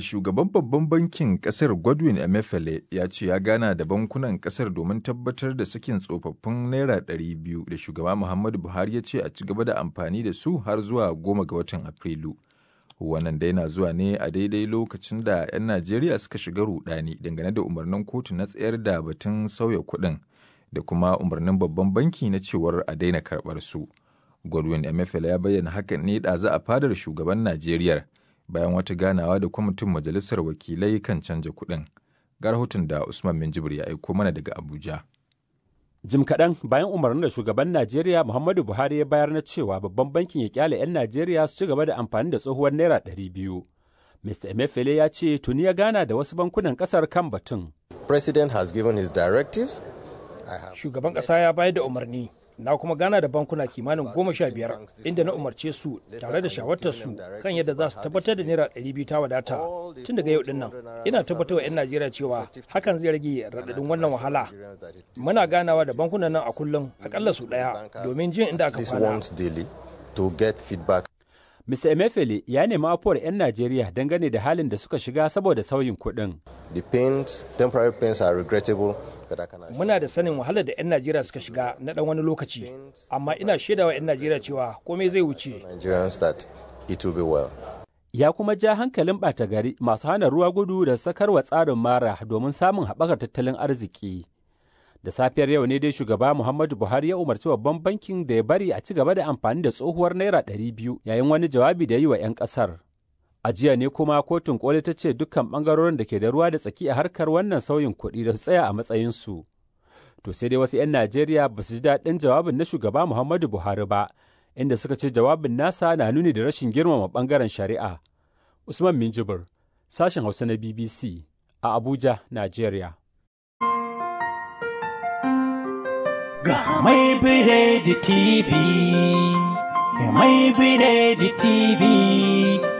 Shugaban Babban Bankin kasar Godwin Emefiele ya ce ya gana da bankunan kasar domin tabbatar da sakin tsofaffin Naira 200 da Shugaba Muhammadu Buhari ya ce a ci gaba da amfani da su har zuwa 10 ga watan Afrilu. Wannan dai na zuwa ne a daidai lokacin da 'yan Najeriya suka shiga rudani dangane da umarnin kotu na tsayar da batun sauya kuɗin da kuma umarnin babban banki na cewar a daina karɓar su. Godwin Emefiele ya bayyana hakan ne za a fadar shugaban Najeriya. bayan wata ganawa da kwamitin majalisar wakilai kan canja kuɗin ga rahoton da usman minjibir ya aiko mana daga abuja jim kaɗan bayan umarnin da shugaban najeriya muhammadu buhari ya bayar na cewa babban bankin ya kyale 'yan najeriya su ci gaba da amfani da tsohuwar naira 200 mr emefele ya ce tuni ya gana da wasu bankunan ƙasar kan batun president has given his directives shugaban ƙasa ya bayar da umarni na kuma gana da bankuna kimanin goma sha biyar inda na umarce su tare da shawartar su kan yadda za su tabbatar da naira ɗari biyu ta wadata tun daga yau dinnan ina tabbatar wa 'yan najeriya cewa hakan zai rage raɗaɗin wannan wahala muna ganawa da bankunan nan a kullum akalla su ɗaya domin jin inda aka kwana Mr. Emefele ya nemi afuwar 'yan Najeriya dangane da halin da suka shiga saboda sauyin kuɗin. The pains, temporary pains are regrettable muna da sanin wahalar da 'yan najeriya suka shiga na dan wani lokaci amma ina shaidawa 'yan najeriya cewa komai zai wuce ya kuma ja hankalin ɓata gari masu hana ruwa gudu da sakarwa tsarin mara domin samun haɓakar tattalin arziki da safiyar yau ne dai shugaba muhammadu buhari ya umarci babban bankin da ya bari a ci gaba da amfani da tsohuwar naira 200 yayin wani jawabi da yi wa 'yan ƙasar A jiya ne kuma kotun koli ta ce dukkan ɓangarorin da ke da ruwa da tsaki a harkar wannan sauyin kuɗi da su tsaya a matsayinsu. To sai dai wasu 'yan Najeriya ba su ji daɗin jawabin na shugaba Muhammadu Buhari ba, inda suka ce jawabin nasa na nuni da rashin girmama ɓangaren shari'a. Usman Minjibir, sashen Hausa na BBC a Abuja, Najeriya. Ga mai biredi TV, mai biredi TV.